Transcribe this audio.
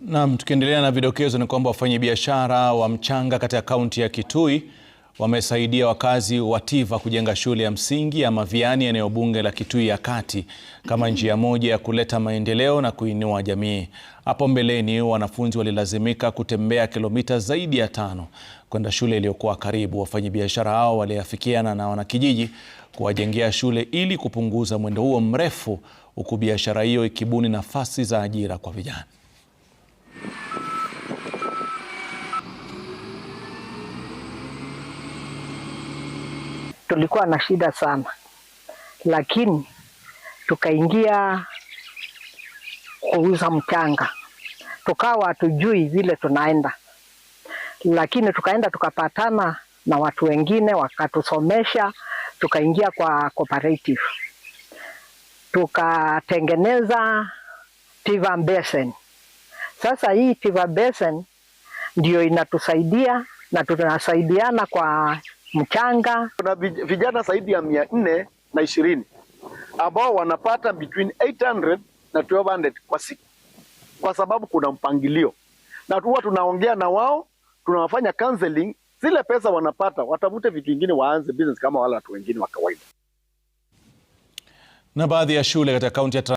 Naam, tukiendelea na vidokezo ni kwamba wafanyabiashara wa mchanga katika kaunti ya Kitui wamesaidia wakazi wa Tiva kujenga shule ya msingi ya Maviani eneo bunge la Kitui ya Kati kama njia moja ya kuleta maendeleo na kuinua jamii. Hapo mbeleni wanafunzi walilazimika kutembea kilomita zaidi ya tano kwenda shule iliyokuwa karibu. Wafanyabiashara hao waliafikiana na wanakijiji kuwajengea shule ili kupunguza mwendo huo mrefu, huku biashara hiyo ikibuni nafasi za ajira kwa vijana. tulikuwa na shida sana, lakini tukaingia kuuza mchanga, tukawa hatujui vile tunaenda, lakini tukaenda tukapatana na watu wengine wakatusomesha, tukaingia kwa cooperative tukatengeneza Tiva Basin. Sasa hii Tiva Basin ndio inatusaidia na tunasaidiana kwa mchanga. Kuna vijana zaidi ya mia nne na ishirini ambao wanapata between 800 na 1200 kwa siku, kwa sababu kuna mpangilio, na huwa tunaongea na wao, tunawafanya counseling. Zile pesa wanapata watafute vitu vingine, waanze business kama wale watu wengine wa kawaida. Na baadhi ya shule katika kaunti ya